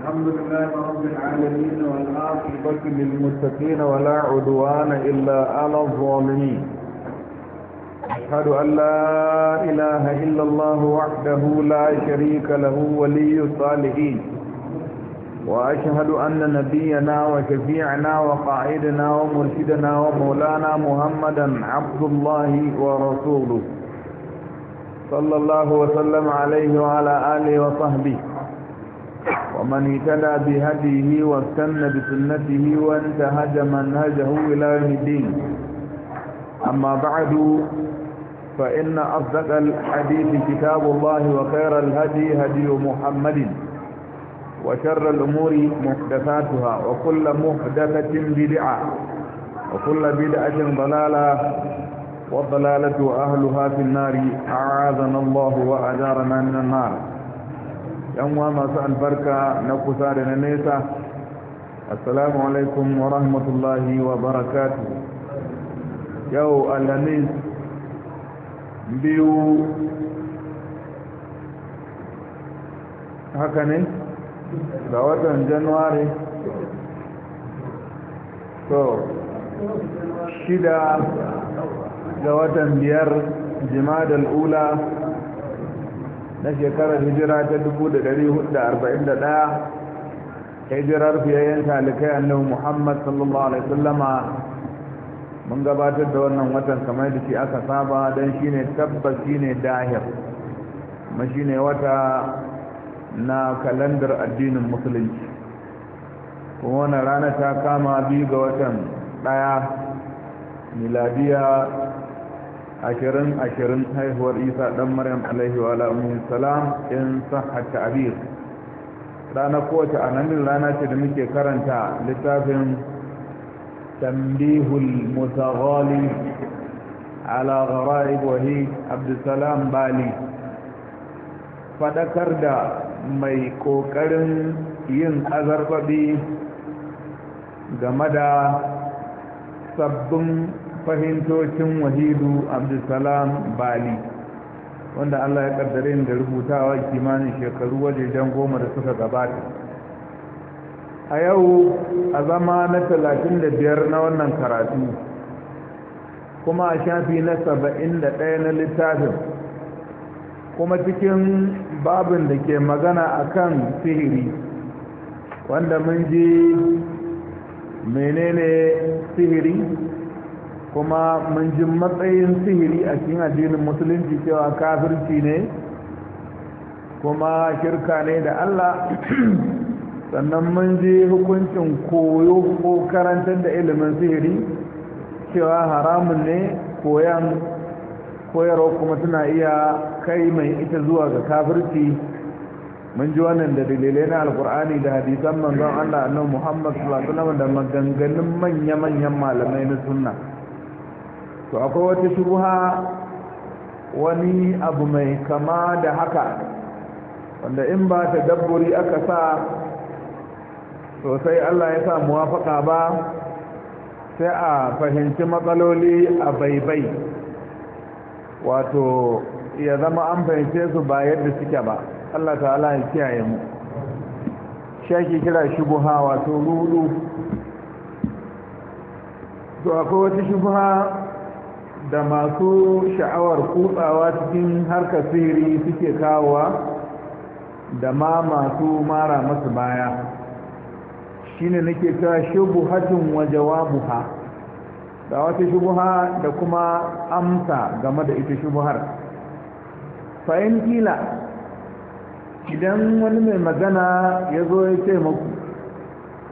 الحمد لله رب العالمين والعاقبة للمتقين ولا عدوان إلا على الظالمين أشهد أن لا إله إلا الله وحده لا شريك له ولي الصالحين وأشهد أن نبينا وشفيعنا وقائدنا ومرشدنا ومولانا محمدا عبد الله ورسوله صلى الله وسلم عليه وعلى آله وصحبه ومن اهتدى بهديه واستنى بسنته وانتهج منهجه إلى يوم الدين أما بعد فإن أصدق الحديث كتاب الله وخير الهدي هدي محمد وشر الأمور محدثاتها وكل محدثة بدعة وكل بدعة ضلالة والضلالة أهلها في النار أعاذنا الله وأجارنا من النار yanwa masu albarka na kusa da na nesa assalamu alaikum wa rahmatullahi wa barakatu yau alhamis biyu haka ne ga watan januwari so shida ga watan biyar da al'ula na shekarar hijira ta 1441 hijirar fiyayyen talikai annabi muhammad sallallahu alaihi wasallama mun gabatar da wannan watan kamar da shi aka saba don shi ne tabbas shi ne dahir kuma shi ne wata na kalandar addinin musulunci kuma wani rana ta kama biyu ga watan daya miladiya ashirin ashirin haihuwar isa dan maryam alaihi wa alamun salam in sahha ta'bir rana kowace ananin rana ce da muke karanta littafin tambihul mutaghali ala gharaib wahi bali fadakar da mai kokarin yin azarbabi game da sabbin fahimtocin wahidu abdulsalam bali wanda allah ya kaddare da rubutawa kimanin shekaru wajejen goma da suka gabata a yau a zama na talatin da biyar na wannan karatu kuma a shafi na saba'in da ɗaya na littafin kuma cikin babin da ke magana a kan sihiri wanda mun ji menene sihiri kuma mun ji matsayin sihiri a cikin addinin musulunci cewa kafirci ne kuma shirka ne da Allah sannan mun ji hukuncin koyo ko karantar da ilimin sihiri cewa haramun ne koyan koyarwa kuma suna iya kai mai ita zuwa ga kafirci mun ji wannan da dalilai na alkur'ani da hadisan manzon Allah annabi Muhammad sallallahu alaihi wasallam da maganganun manya-manyan malamai na sunna to akwai wata shubha wani abu mai kama da haka wanda in ba ta dabburi aka sa sosai Allah ya sa muwafaka ba sai a fahimci matsaloli a baibai wato ya zama an fahimce su ba yadda suke ba Allah ta'ala ya kiyaye mu shaki kira shubuha wato ruru to akwai wata shubuha da masu sha'awar kutsawa cikin harkar sihiri suke kawowa da ma masu mara masu baya shine nake cewa shubuhatun wa jawabuha da wata shubuha da kuma amsa game da ita shubuhar fa'in kila idan wani mai magana ya zo ya ce maku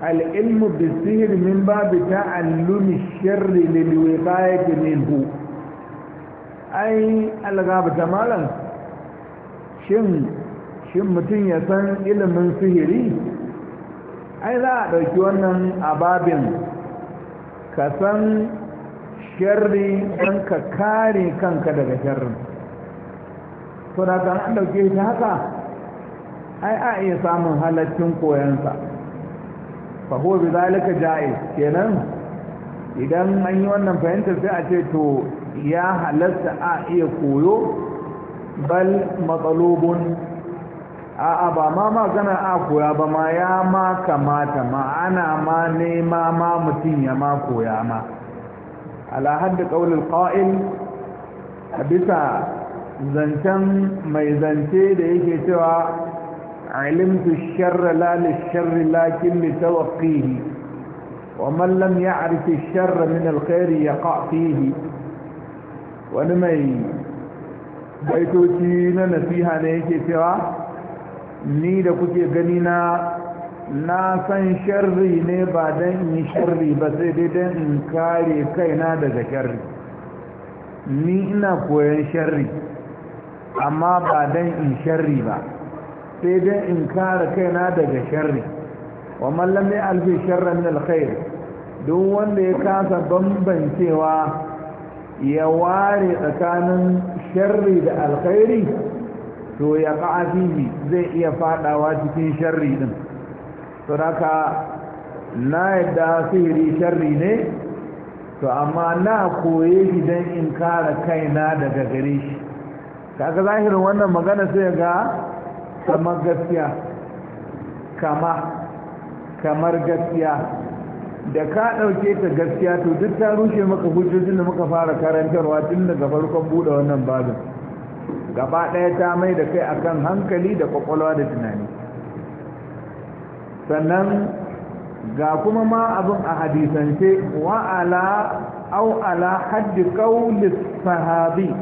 al'ilmu bisir min babu ta'allumi sharri lilwiqayati minhu ai algaba ta shin shin mutum ya san ilimin sihiri ai za a ɗauki wannan ababin ka san sharri don ka kare kanka daga sharrin to da kan an ɗauke shi haka ai a iya samun halaccin koyansa faho bi zalika ja'i kenan idan an yi wannan fahimtar sai a ce to ya halatta a iya koyo bal matsalobin A'a ba ma magana a koya ba ma ya ma kamata ma ana ma nema ma mutum ya ma koya ma alahadda ƙaunar ƙa'il a bisa zancen mai zance da yake cewa علمت الشر لا للشر لكن لتوقيه ومن لم يعرف الشر من الخير يقع فيه wani mai baitoci na nasiha ne yake cewa ni da kuke gani na na san sharri ne ba don in yi sharri ba sai dai don in kare kaina daga sharri ni ina koyon sharri amma ba don in sharri ba sai dan in kare kaina daga sharri wa mallam ya alfi sharran alkhair duk wanda ya kasa bambancewa ya ware tsakanin sharri da alkhairi to ya fihi zai iya fadawa cikin sharri din to haka na yadda sihiri sharri ne to amma na koye shi don in kare kaina daga gare shi kaga zahirin wannan magana sai ga kamar gaskiya kama kamar gaskiya da ka ɗauke ta gaskiya to duk ta rushe maka hujjojin da muka fara karantarwa tun daga farkon buɗe wannan babin gaba ɗaya ta mai da kai akan hankali da kwakwalwa da tunani sannan ga kuma ma abin a hadisance wa ala au ala haddi kaulis sahabi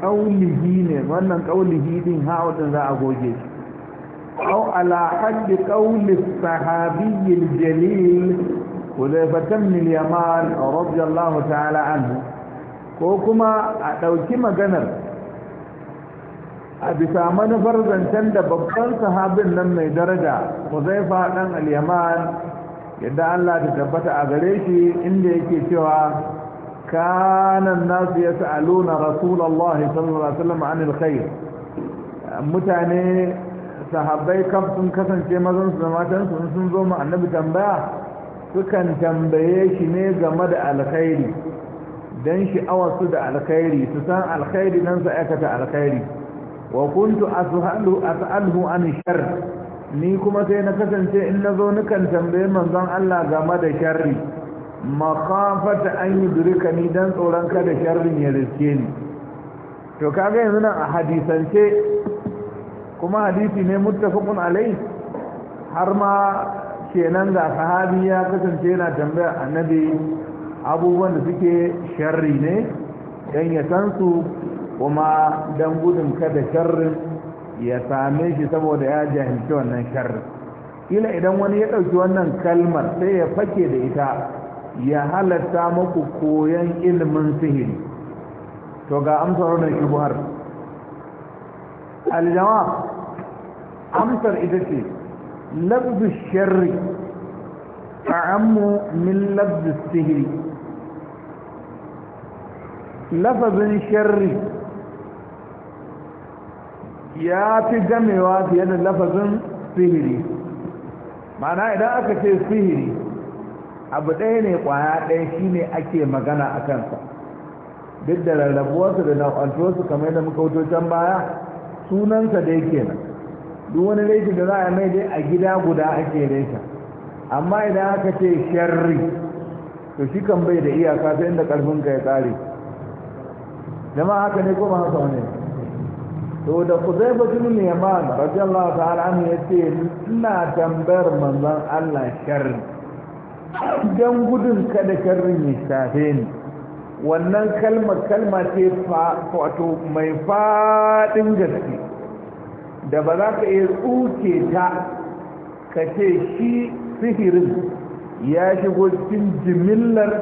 kaulihi ne wannan kaulihi din haɗin za a goge shi au ala haddi kaulis sahabi jalil huzaifatan min yaman radiyallahu ta'ala anhu ko kuma a ɗauki maganar a bisa manufar zancen da babban sahabin nan mai daraja huzaifa ɗan al-yaman yadda Allah ta tabbata a gare shi inda yake cewa kanan nasu ya sa'aluna rasulallah sallallahu alaihi wasallam anil khair mutane sahabbai kam sun kasance mazan su da matan sun zo mu annabi tambaya sukan tambaye shi ne game da alkhairi don sha'awarsu da alkhairi su san alkhairi nan su aikata alkhairi wa kuntu as'alu as'aluhu an shar ni kuma sai na kasance in nazo nukan tambaye manzon Allah game da sharri makafata an yudrika ni dan tsoron kada sharrin ya riske ni to kaga yanzu nan a hadisance kuma hadisi ne muttafaqun alai har ma kenan ga sahabi ya kasance yana tambaya annabi abubuwan da suke sharri ne don ya san su kuma don gudun kada sharrin ya same shi saboda ya jahilci wannan sharrin Ila idan wani ya ɗauki wannan kalmar sai ya fake da ita ya halatta muku koyan ilimin sihiri to ga amsar wannan shubuhar aljawab amsar ita ce لفظ الشر أعم من لفظ السهر لفظ الشر ya fi gamewa fiye da lafazin sihiri mana idan aka ce sihiri abu ɗaya ne kwaya ɗaya shi ne ake magana a kansa duk da rarrabuwarsu da nau'antuwarsu kamar da muka wuto can baya sunansa dai kenan duk wani laifin da za a mai dai a gida guda ake laifin amma idan aka ce sharri to shi kan bai da iyaka ta inda karfinka ya tsare jama'a haka ne kuma haka ne to da ku kuzai rajin Allah ta ta'ala an ya ce suna tambayar manzan Allah sharri Don gudun kada sharrin ya shafe ni wannan kalmar kalma ce wato mai faɗin gaske da ba za ka iya tsuke ta ka ce shi sihirin ya shigo cikin jimillar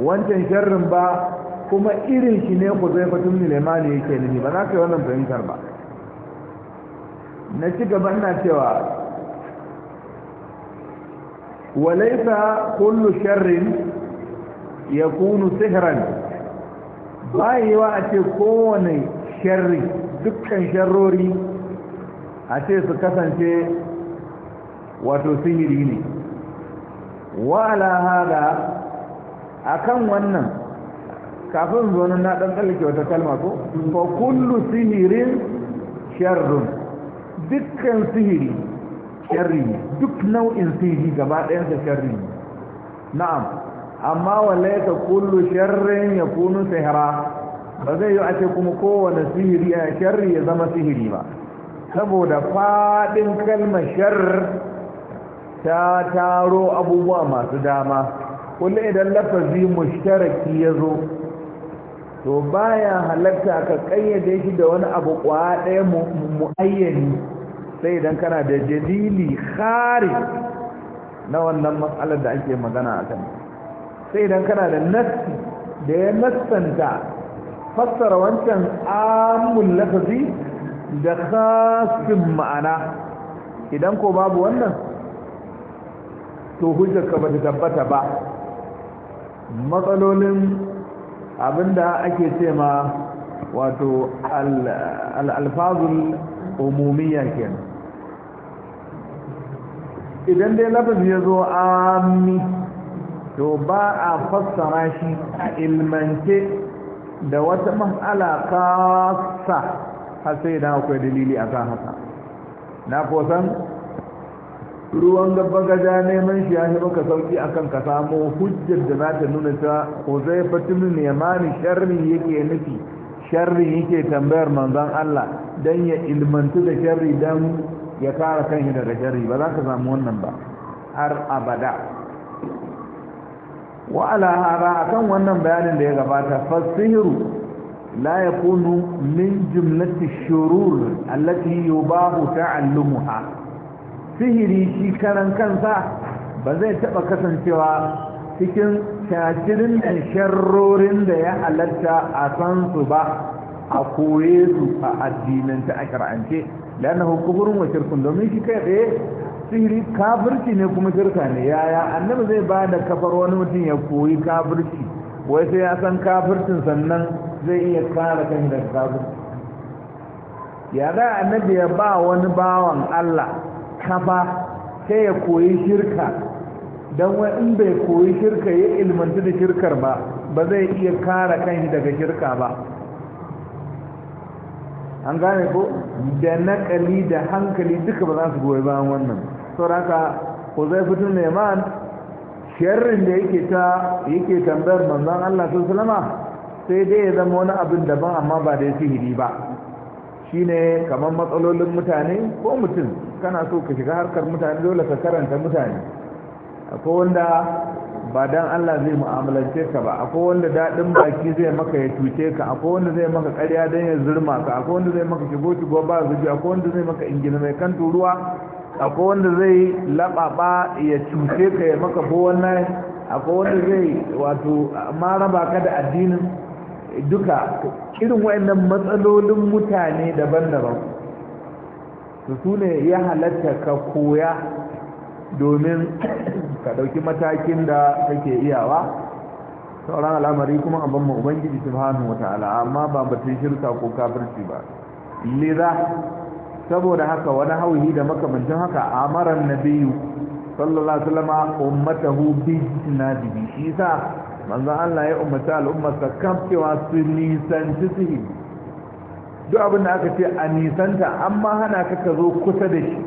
wancan sharrin ba kuma irin shi ne ku zai fatun nilemani yake nini ba za ka yi wannan fahimtar ba na ci gaba na cewa walaisa kullu sharrin ya kunu sihiran ba yi wa a ce kowane sharri dukkan sharrori a ce su kasance wato sihiri ne ala hada akan wannan kafin zonin na ɗan tsallake wata kalma ko fa kullu sihirin sharrun dukkan sihiri sharri duk nau'in sihiri gaba ɗayansa sharri na'am amma ka kullu sharrin ya kunu sihira ba zai yi a ce kuma kowane sihiri a sharri ya zama sihiri ba saboda faɗin kalmar shar ta taro abubuwa masu dama kulle idan lafazi mushtaraki ya zo to baya halatta ka ƙayyade shi da wani abu ɗaya mu'ayyani sai idan kana da dalili khari na wannan matsalar da ake magana a kan sai idan kana da nassi da ya nassanta fassara wancan amul lafazi da khasin ma'ana idan ko babu wannan to hujjarka ba ta tabbata ba matsalolin abinda ake ce ma wato al'alfazul umumiyya kenan idan dai lafazi ya zo ammi to ba a fassara shi a ilmance da wata mas'ala kasa har sai idan akwai dalili a kan haka na kosan ruwan gaban gaja neman shi ya maka sauki akan ka samu hujjar da za ta nuna ta ko hozai fatimin mani sharri yake nufi sharrin yake tambayar manzon Allah don ya ilmantu da sharri dan ya kara hidar daga sharri ba za ka samu wannan ba har abada wa ala hada akan wannan bayanin da ya gabata fasihiru لا يكون من جملة الشرور التي يباه تعلمها sihiri shi karan kansa ba zai taɓa kasancewa cikin shacirin da sharrorin da ya halatta a san su ba a koye su a addinanta a shar'ance lana hukuburin wa shirkun domin shi kai tsaye sihiri kafirci ne kuma shirka ne yaya annabi zai ba da kafar wani mutum ya koyi kafirci wai sai ya san kafircin sannan zai iya kare kan da sabu ya da annabi ya ba wani bawan Allah kafa sai ya koyi shirka don wa in bai koyi shirka ya ilmanta da shirkar ba ba zai iya kare kan daga shirka ba an gane ko da nakali da hankali duka ba za su goyi bayan wannan sauraka ko zai fito neman sharrin da yake ta yake tambayar manzon Allah sallallahu alaihi sai dai ya zama wani abin daban amma ba da sihiri ba shine kamar matsalolin mutane ko mutum kana so ka shiga harkar mutane dole ka karanta mutane akwai wanda ba dan Allah zai mu'amalance ka ba akwai wanda daɗin baki zai maka ya cuce ka akwai wanda zai maka ƙarya don ya zurma ka akwai wanda zai maka shigo shigo ba zubi akwai wanda zai maka ingina mai kan turuwa akwai wanda zai laɓaɓa ya cuce ka ya maka bo wannan akwai wanda zai wato maraba ka da addinin duka irin wayannan matsalolin mutane daban-daban su su ne ya halatta ka koya domin ka ɗauki matakin da kake iyawa sauran al'amari kuma a banma ubangiji subhanahu wa ta'ala amma ba batun shirka ko kafirci ba liza saboda haka wani hauhi da makamancin haka amaran nabiyu sallallahu alaihi wasallam ummatahu bi jibi shi sa manzan Allah ya umarci al'ummarsa kan cewa su nisanci sihiri duk abin da aka ce a nisanta amma hana ka ka zo kusa da shi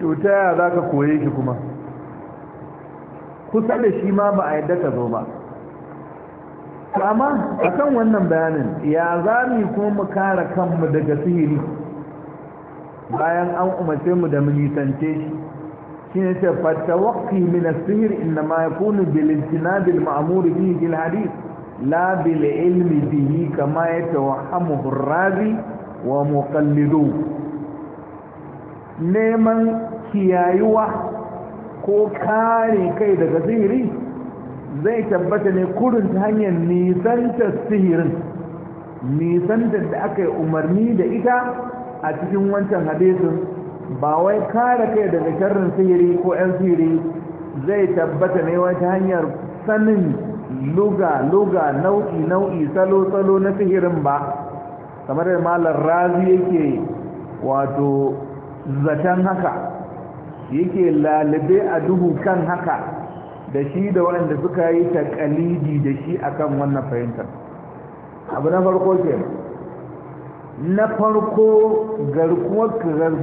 to ta yaya za ka koye shi kuma kusa da shi ma ba a yadda ka zo ba amma a kan wannan bayanin ya za mu kuma mu kare kanmu daga sihiri bayan an umarce mu da mu nisance shi shine ce fatawaqi min as-sihr inma yakunu bil intinab al ma'mur bihi fil hadith la bil ilmi bihi kama yatawahhamuhu ar-razi wa muqallidu neman kiyayuwa ko kare kai daga sihiri zai tabbata ne kurin ta hanyar nisantar sihirin nisantar da aka yi umarni da ita a cikin wancan hadisin ba wai kare kai daga sharrin sihiri ko 'yan sihiri zai tabbata ne wata hanyar sanin luga-luga nau'i-nau'i salo-salo na sihirin ba kamar da malar razi yake wato zaton haka yake lalube a duhu kan haka da shi da waɗanda suka yi takalidi da shi akan wannan fahimtar abu na farko ke na farko garkuwar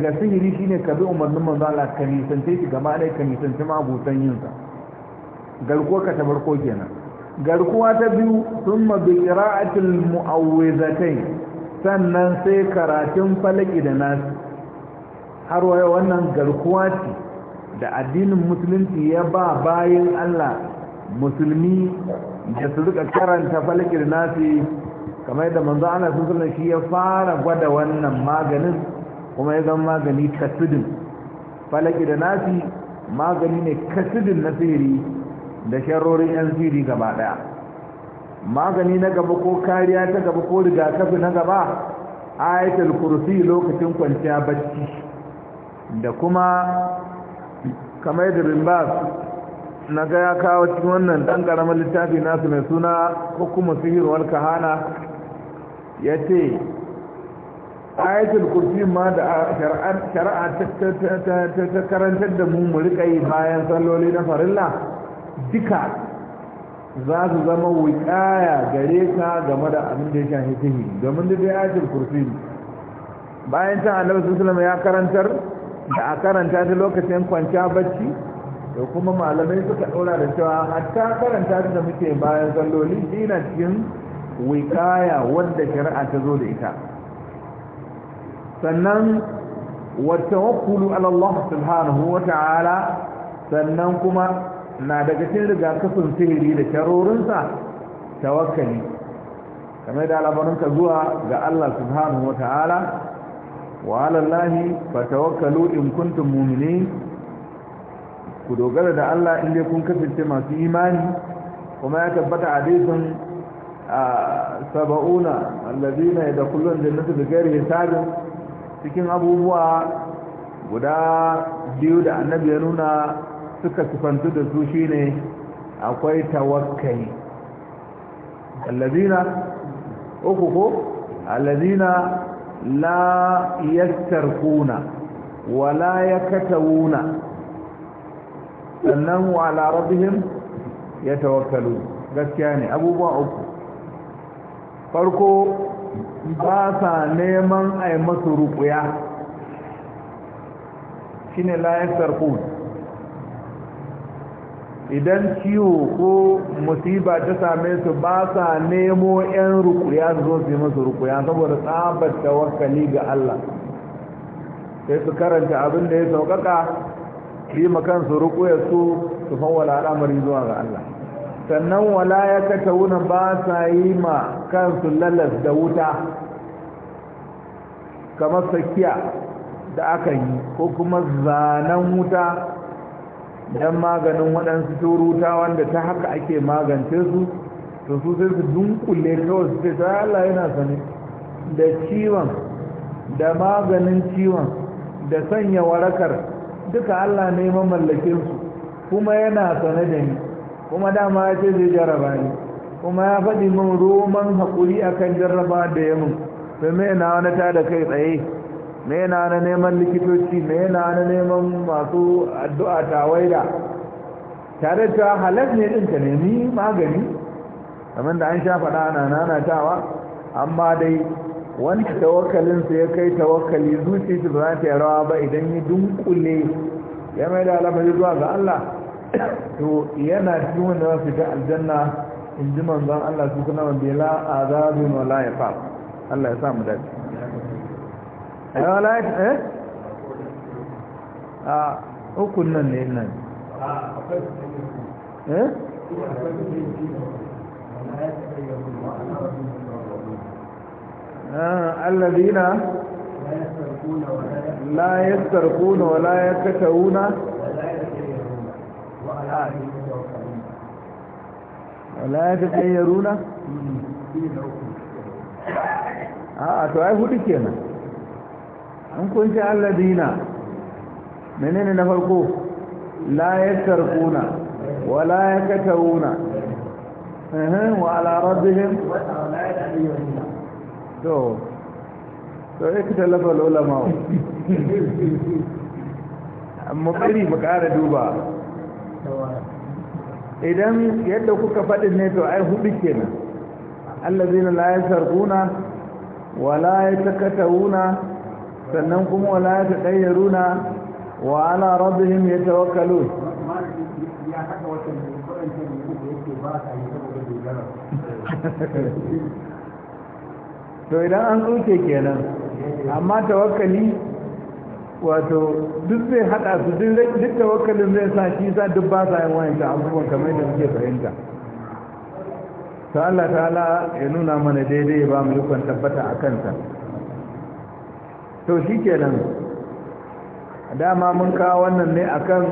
ga sihiri shine ka bi umarnin manzo Allah ka nisance shi gaba ɗaya ka nisance ma abotan yinsa garkuwar ka ta farko kenan garkuwa ta biyu thumma bi qira'atil mu'awwizatayn sannan sai karatun falaki da nasu har waya wannan garkuwa ce da addinin musulunci ya ba bayan Allah musulmi da su rika karanta falaki da nasu kamar yadda manzo ana sun shi ya fara gwada wannan maganin kuma ya zama magani kasidin falaki da nasi magani ne kasidin na sihiri da sharorin yan sihiri gaba daya magani na gaba ko kariya ta gaba ko rigakafi na gaba ayatul kursi lokacin kwanciya bacci da kuma kamar da rimbas na ga kawo cikin wannan dan karamin littafi nasu mai suna hukumar sihirwar wal kahana ya ce ayatul kursi ma da shari'a ta karantar da mu mu yi bayan salloli na farilla duka za su zama wikaya gare ka game da abin da ya shafi sihi domin da ayatul kursi bayan ta annabi sallallahu ya karantar da a karanta ta lokacin kwanciya bacci da kuma malamai suka ɗaura da cewa hatta karanta da muke bayan salloli na cikin wikaya wadda shari'a ta zo da ita sannan watawakkulu ala Allah subhanahu wa ta'ala sannan kuma na daga cikin rigakafin sihiri da sharorinsa tawakkali kamar da ka zuwa ga Allah subhanahu wa wa ala Allah fatawakkalu in kuntum mu'minin ku dogara da Allah in dai kun kasance masu imani kuma ya tabbata hadisin saba'una allazina yadkhulun jannata bighairi hisabin cikin abubuwa guda biyu da annabi ya nuna suka sifantu da su shine akwai tawakkali allazina uku ko allazina la yastarquna wa la yakatawuna sannan wa ala rabbihim yatawakkalun gaskiya ne abubuwa uku farko ba sa neman a yi masu rukuya shi ne layar idan ciwo ko musiba ta same su ba sa nemo 'yan rukuya su zo su masu rukuya saboda tsabar tawakali ga Allah sai su karanta abin da ya saukaka yi makansu rukuya su su fawwala al'amari zuwa ga Allah sannan wala ya kata wuna ba sa yi ma kansu lalas da wuta kamar tsakiya da aka yi ko kuma zanen wuta don maganin waɗansu turuta wanda ta haka ake magance su to su sai su dunkule kawai su sai Allah yana sane da ciwon da maganin ciwon da sanya warakar duka Allah ne mamallakin su kuma yana sane da ni kuma dama ya ce zai jaraba ni kuma ya faɗi min roman haƙuri akan jarraba da yamin to me na wani ta da kai tsaye me na wani neman likitoci me na wani neman masu addu'a ta waida tare ta halar ne ɗin ta nemi magani kamar da an sha faɗa ana nanatawa amma dai wanda tawakkalinsa ya kai tawakkali zuci shi za ta rawa ba idan ya dunkule ya mai da alamari zuwa ga Allah to yana cikin wanda za su aljanna in ji manzon Allah su kuna wanda a la'azabin wala ya fa Allah ya samu dace eh a eh? ah, nan ne nan eh ah, wala ya ta tsayyaruna a to ai hudu kenan an kunci alladina menene na farko la ya karkuna. wala ya eh wa ala rabbihim to to ikita lafal ulama amma bari mu kara duba idan yadda kuka faɗin ne to ai hudu kenan allazina la yasarquna wa la yatakatawuna sannan kuma wa la yatadayyaruna wa ala rabbihim yatawakkalun to idan an tsuke kenan amma tawakkali wato duk zai hada su duk tawakkalin zai sa shi sa duk ba sa yin wayanta abubuwan kamar da muke fahimta ta Allah Allah ya nuna mana daidai ya ba mu yukon tabbata a kanta to shi ke kenan dama mun kawo wannan ne akan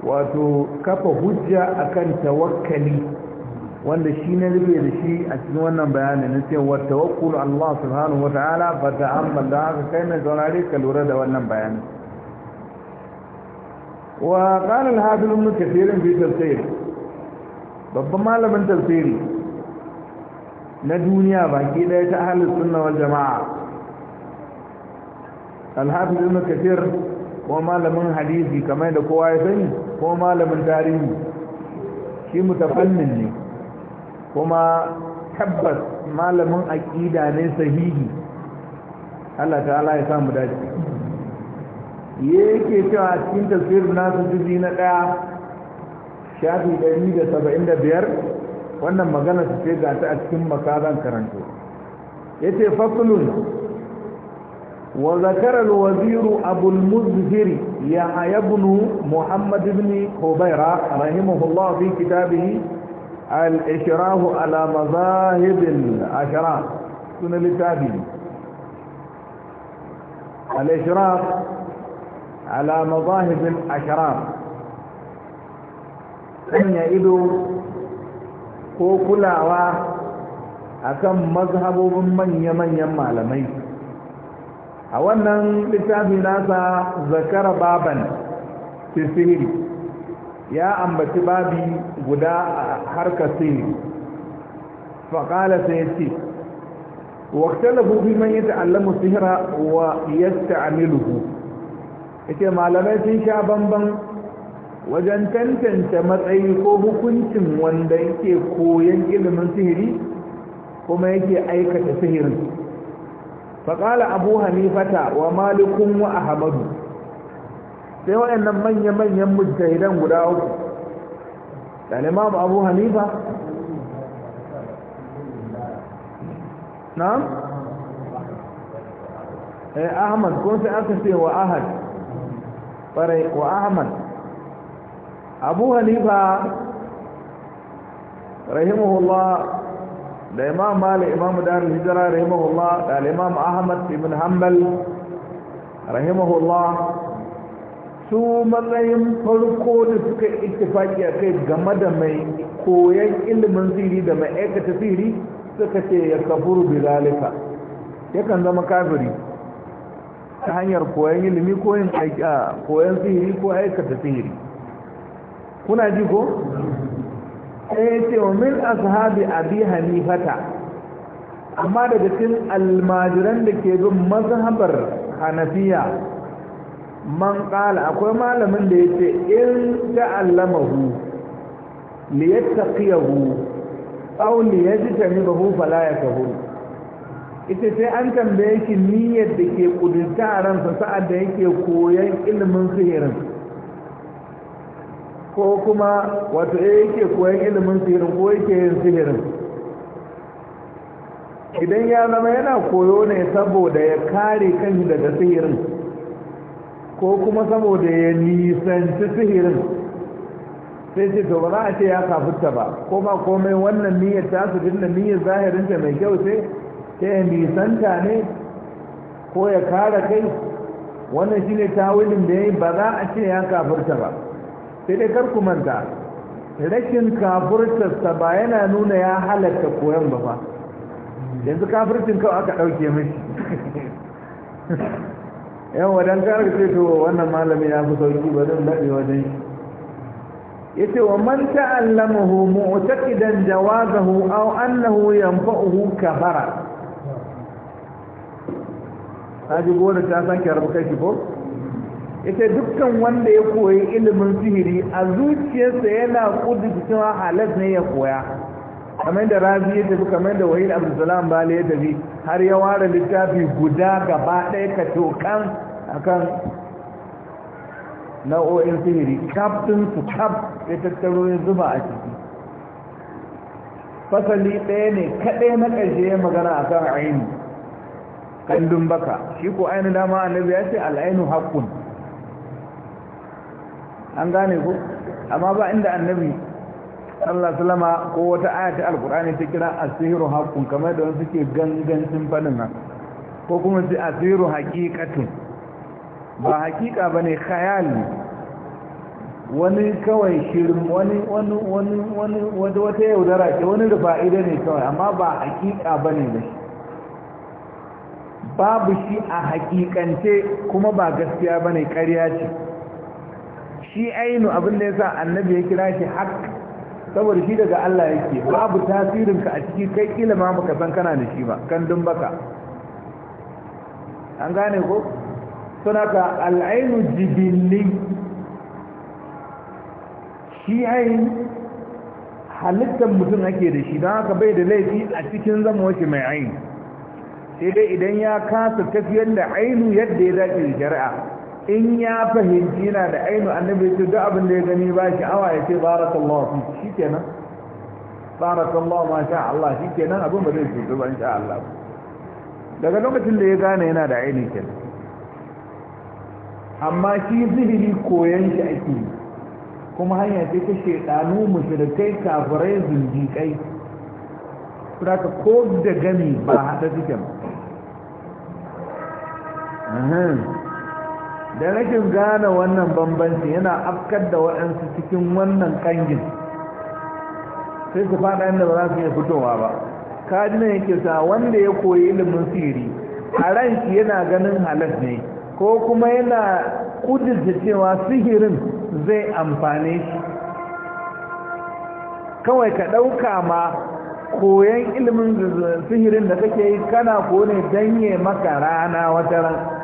wato kafa hujja akan tawakkali wanda shi ne rufe da shi a cikin wannan bayanin na ce wa tawakkulu Allah subhanahu wa ta'ala fa ta'ammal da haka kai mai saurare ka lura da wannan bayanin wa qala al-hafiz ibn kathir fi tafsir babban malamin tafsiri na duniya baki daya ta ahlus sunna wal jamaa al-hafiz ibn kathir ko malamin hadisi kamar da kowa ya sani ko malamin tarihi shi mutafannin ne kuma tabbas malamin aƙida ne sahihi Allah ta'ala ya samu dace yake cewa a cikin na nasu juzi na ɗaya shafi 175 wannan magana su ce ga ta a cikin makazan karanto ya ce fasulun wa zakarar waziru abul muzhir ya hayabnu muhammad ibn hubaira rahimahullah fi kitabihi al-ishrahu ala ashira suna sunan littafi al-ishraf ala mazahibil sanya ido ko kulawa akan mazhabobin manya-manyan malamai a wannan littafi nasa zakara baban fi ya ambaci babi guda a harkar sini faƙala sai ya ce waktalafu bufi man yata allamu sihira wa yasta amiluhu ita malamai sun sha bamban wajen tantance matsayi ko hukuncin wanda yake koyan ilimin sihiri kuma yake aikata sihirin faƙala abu hanifata wa malikun wa ahmadu sai waɗannan manya-manyan mujtahidan guda uku da ba abu hanifa na'am eh ahmad kun sai aka ce wa ahad farai wa ahmad abu hanifa rahimahullah da imam malik imam darul hijra rahimahullah da imam ahmad ibn hanbal rahimahullah su matsayin farko da suka ittifaki a kai game da mai koyan ilimin sihiri da mai aikata sihiri suka ce ya kafuru bi yakan zama kafiri ta hanyar koyan ilimi ko yin koyan sihiri ko aikata sihiri kuna ji ko sai eh, ce wa min ashabi abi hanifata amma daga cikin almajiran da ke bin mazhabar hanafiya man ƙala akwai malamin da ya ce in ta'allamahu liyattaqiyahu aw liyajtanibahu fala yakhu ita sai an tambaye shi niyyar da ke kudurta a ransa sa'ad da yake koyan ilimin sihirin ko kuma wato eh yake koyan ilimin sihirin ko yake yin sihirin idan ya zama yana koyo ne saboda ya kare kanshi daga sihirin ko kuma saboda ya nisanci sihirin sai ce to ba za a ce ya kafurta ba ko ba komai wannan niyyar ta su dinna niyyar zahirinta mai kyau sai, ta ya nisanta ne ko ya kara kai wannan shi ne tawilin da ya yi ba za a ce ya kafurta ba sai dai kar manta rashin kafurtarsa ba yana nuna ya halatta koyon ba fa yanzu kafurcin kawai aka ɗauke mashi yan wadan kar ce to wannan malami ya fi sauki ba zan daɗe wajen yace wa man ta'allamahu mu'taqidan jawazahu aw annahu yanfa'uhu kabara haji gona ta san ki rabu kai ko yace dukkan wanda ya koyi ilimin sihiri a zuciyarsa yana kudu cewa halas ne ya koya kamar da razi ya tafi kamar da wahid abdulsalam bale ya tafi har ya ware littafi guda gaba ɗaya ka tokan a kan na'o'in sihiri kaftin su kaf ya tattaro ya zuba a ciki fasali ɗaya ne kaɗai na ƙarshe ya magana a kan aini kandun baka shi ko aini dama annabi ya ce al'ainu haƙƙun an gane ku. amma ba inda annabi Allah salama ko wata aya ta alkur'ani ta kira asiru haqqun kamar da wasu suke gangancin fadin nan, ko kuma su asiru haqiqatun ba haqiqa bane khayal wani kawai shirin wani wani wani wani wata yaudara ce wani rufa'ida ne kawai amma ba haqiqa bane da shi babu shi a hakikance kuma ba gaskiya bane ƙarya ce shi ainu abin da yasa annabi ya kira shi haqq saboda shi daga Allah yake babu tasirinka a ciki kai kila ma baka san kana da shi ba kandun baka an gane ko suna ka al'ainu jibilli shi ainihin halittar mutum ake da shi don haka bai da laifi a cikin zama wace mai aini sai dai idan ya kasa tafiyar da ainu yadda ya dace da shari'a in ya fahimci yana da ainu annabi ce duk abin da ya gani ba shi awa ya ce barakallahu fi shikenan barakallahu ma sha Allah shi kenan abin ba zai cutu ba insha Allah daga lokacin da ya gane yana da aini kenan amma shi zihiri koyan shi ake yi kuma hanya ce ta shedanu mushrikai kafirai zindiƙai suna ka ko da gani ba haɗa cikin da rashin gane wannan bambanci yana afkar da waɗansu cikin wannan ƙangin sai su faɗa inda ba za su iya fitowa ba kajinan yake sa wanda ya koyi ilimin siri a ran yana ganin halas ne ko kuma yana kudurta cewa sihirin zai amfane shi kawai ka ɗauka ma koyan ilimin sihirin da kake yi kana ko ne danye maka rana wata ran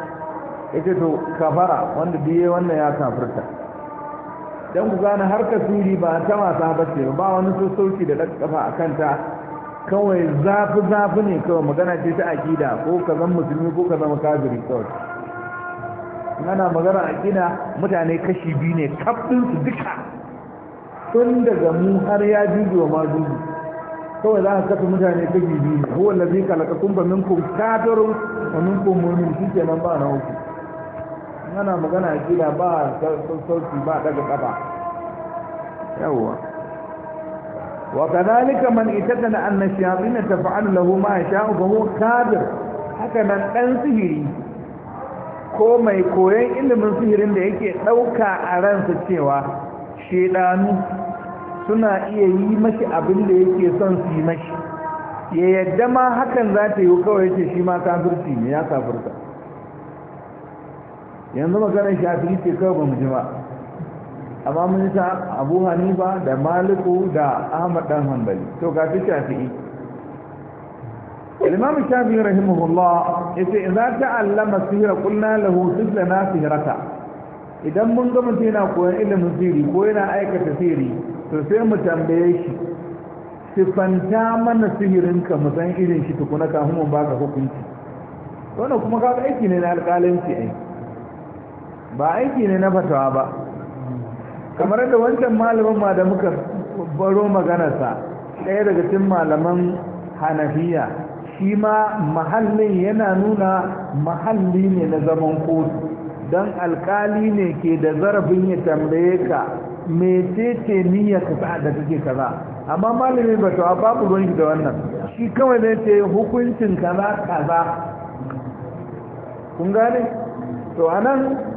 ita to kafara wanda biye wannan ya kafirta dan ku gane harkar suri ba ta wasa bace ba wani sauki da kafa a kanta kawai zafi zafi ne kawai magana ce ta akida ko ka zama musulmi ko ka zama kafiri kawai ana magana akida mutane kashi biyu ne kafin su duka tun daga mu har ya jujuwa ma juju kawai za ka kafa mutane kashi biyu ne huwa lazi kalaka kun ba minkum kafirun wa minkum mu'min shi nan ba na uku ana magana gida ba sauki ba daga kafa yawwa wa kadhalika man ittaqana anna shayatin taf'alu lahu ma yasha'u fa huwa kadir haka nan dan sihiri ko mai koyon ilimin sihirin da yake ɗauka a ransa cewa shedanu suna iya yi mashi abin da yake son su yi mashi ya yadda ma hakan za ta yi kawai ce shi ma kafirci ne ya kafirta yanzu maganar shafi ce kawai ba mu ji ba amma mun sa abu hanifa da maliku da ahmad dan hanbali to ga fi shafi'i imam shafi rahimahullah yace idza ta'allama sihra qulna lahu sifla na sihrata idan mun ga mutum yana koyan ilimin sihiri ko yana aikata sihiri to sai mu tambaye shi sifanta mana sihirinka mu san irin shi tukuna kafin mu baka hukunci wannan kuma ka aiki ne na alƙalanci ai ba aiki ne na fatawa ba kamar da wancan malamin ma da muka baro maganarsa ɗaya daga cikin malaman hanafiya shi ma mahallin yana nuna mahalli ne na zaman kotu don alkali ne ke da zarafin ya tambaye ka metete niyyar ka da take kaza amma malamin fatawa babu ruwan da wannan shi kawai ne ce hukuncin kaza kaza kun gane to anan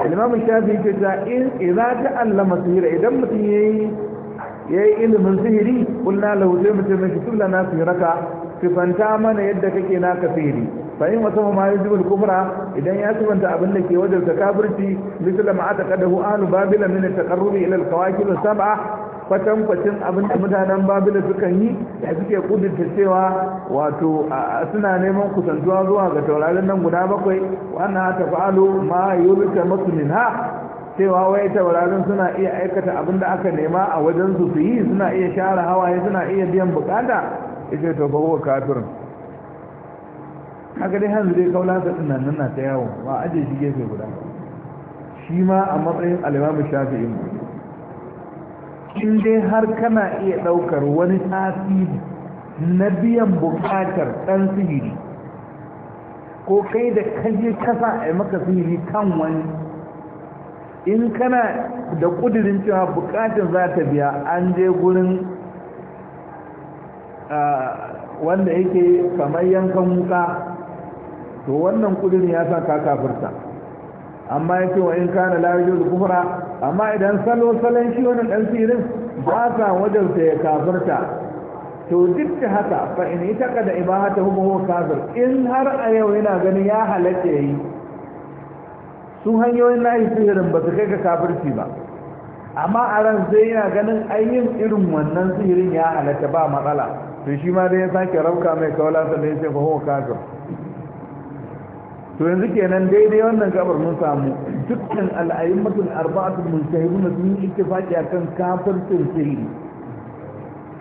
alimamu shafi ke ta in ta allama sihira idan mutum ya yi ilimin sihiri kulna lahu sai mutum mai na sihiraka sifanta mana yadda kake naka sihiri fahim wasu ma yajibul kufra idan ya sifanta abin da ke wajen ta kafirci misal ma aka kadahu ahlu babila min at-taqarrub ila sab'a kwatankwacin abin da mutanen babila suka yi da suke kudinta cewa wato suna neman kusantuwa zuwa ga taurarin nan guda bakwai wannan ta falo ma yulka masu ha cewa wai taurarin suna iya aikata abin da aka nema a wajen su su yi suna iya share hawaye suna iya biyan bukata ita to ba kafirin haka dai hanzu dai kaula ta dinnan nan na ta yawo ba aje shi gefe guda shi ma a matsayin alimamu shafi'in in dai har kana iya ɗaukar wani tasiri na biyan bukatar ɗan sihiri ko kai da kaje kasa a maka sihiri kan wani in kana da ƙudirin cewa bukatar za ta biya an je gurin wanda yake kamar yankan wuka to wannan kudirin ya sa ka kafirta amma ya ce wa in kana lafiya da kufra amma idan salo salon shi wani dan tsirin ba sa wajarta ya kafirta to duk da haka fa in ita kada ibaha hu huwa kafir in har a yau yana ganin ya halatta yayi su hanyoyin layi sihirin ba su kai ka kafirci ba amma a ran sai yana ganin ayyin irin wannan sihirin ya halatta ba matsala to shi ma dai ya sake rauka mai kawala sannan ya ce fa kafir to yanzu kenan daidai wannan gabar mun samu dukkan al'ayyumatul arba'atul mujtahidun sun yi ittifaqi akan kafircin sirri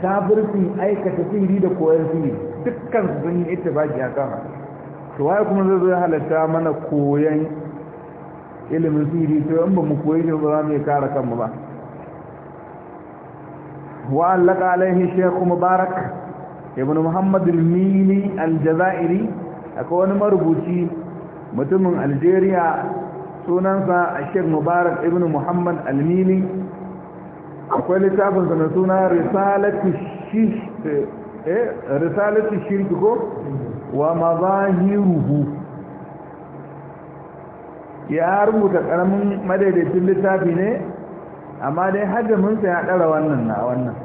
kafircin aikata sirri da koyar sirri dukkan sun yi ittifaqi akan to waye kuma zai zo halatta mana koyan ilimin sirri to in ba mu koyi shi ba za mu kare kanmu ba wa allaka alaihi shaykh mubarak ibn muhammad al-mini al-jazairi akwai wani marubuci mutumin algeria sunansa a shek mubarak ibn muhammad almini akwai littafinsa na suna risalati shirki eh, ko wa mazahiruhu ya rubuta karamin madaidaicin littafi ne amma dai hajjaminsa ya ɗara wannan na wannan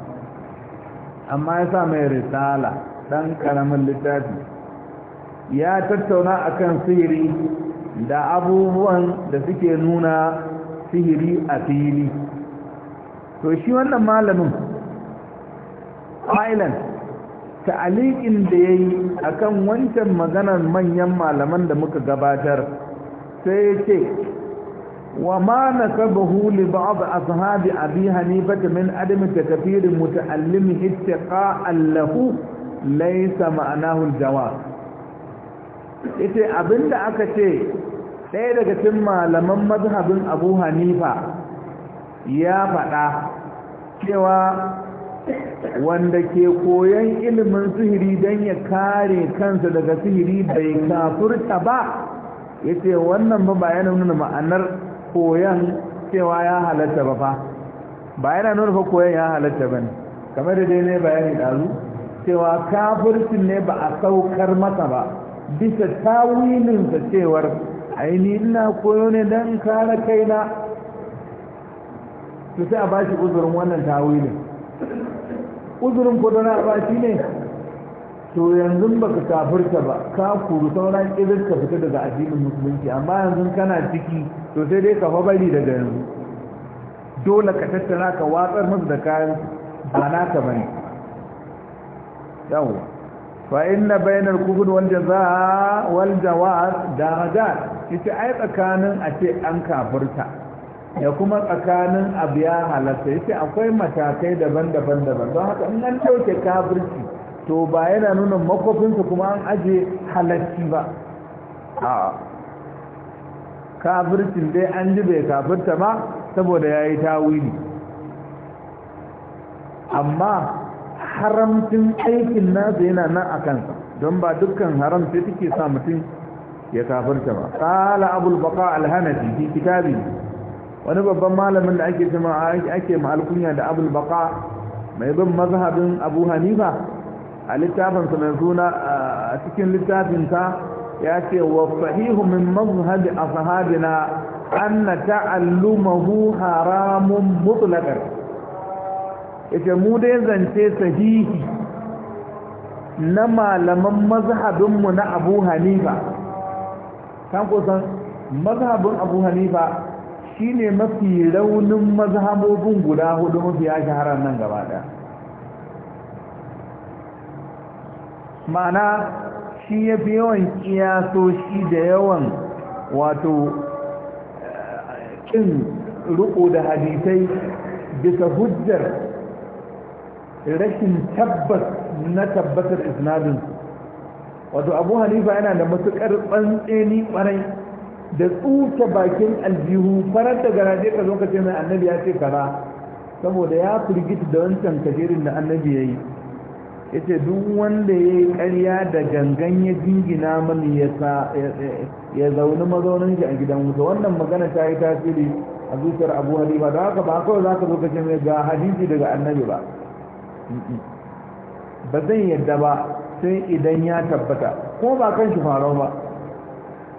amma ya sa mai risala ɗan karamin littafi ya tattauna akan sihiri da abubuwan da suke nuna sihiri a fili to shi wannan malamin island ta'aliƙin da ya yi a kan wancan maganar manyan malaman da muka gabatar sai ya ce wa ma na saba huli ba abu a abi Hanifa, min adamin ta kafirin mutu'allimin ittiqa allahu laisa ma'anahul jawab ita abinda aka ce ɗaya daga cikin malaman mazhabin abu hanifa ya faɗa cewa wanda ke koyon ilimin sihiri don ya kare kansa daga sihiri bai kafurta ba ya ce wannan ba ba yana nuna ma'anar koyon cewa ya halatta ba fa ba yana nuna fa koyon ya halatta ba ne kamar da dai ne bayani ɗazu cewa kafurcin ne ba a saukar masa ba bisa tawilinsa cewar aini ina koyo ne don kare kaina to sai a bashi uzurin wannan tawilin uzurin ko don bashi ne to yanzu baka kafirta ba ka kuru sauran irin ka fita daga addinin musulunci amma yanzu kana ciki to sai dai ka bari daga yanzu dole ka tattara ka watsar musu da kayan ba ka bane fa inna bainal kufr wal jazaa wal jawaz darajat ita ai tsakanin a ce an kafirta ya kuma tsakanin abu ya halatta ita akwai matakai daban-daban daban don haka in an tauke kafirci to ba yana nuna makofinsa kuma an aje halacci ba a kafircin dai an ji bai kafirta ba saboda ya yi tawili amma haramcin aikin nasa yana nan a kansa don ba dukkan haram sai take sa mutum ya kafirta ba qala abulbaka alhanafi al kitabi wani babban malamin da ake cewa ake ma alkunya da abulbaka mai bin mazhabin abu hanifa a littafinsa sa mai suna a cikin littafin ka ya ce wa sahihu min mazhabi ashabina anna ta'allumahu haramun mutlaqan yace mu dai zance sahihi na malaman mazhabinmu na abu hanifa kan kusan mazhabin abu hanifa shine mafi raunin mazhabobin guda hudu mafi mafiya shaharar nan gaba ma'ana shi ya fi yawan kiyasoshi da yawan wato eh, kin riko da hadisai bisa hujjar rashin tabbas na tabbatar isnadin wato abu hanifa yana da matukar tsantseni kwarai da tsuke bakin aljihu farar da garaje ka zo ka ce mai annabi ya ce kara. saboda ya firgita da wancan kashirin da annabi ya yi ya ce duk wanda ya yi ƙarya da gangan ya jingina mani ya zaune mazaunin shi a gidan wuta wannan magana ta yi tasiri a zuciyar abu hanifa da haka ba kawai za ka zo ka ce mai ga hadisi daga annabi ba ba zai yadda ba sai idan ya tabbata ko ba kan shi farau ba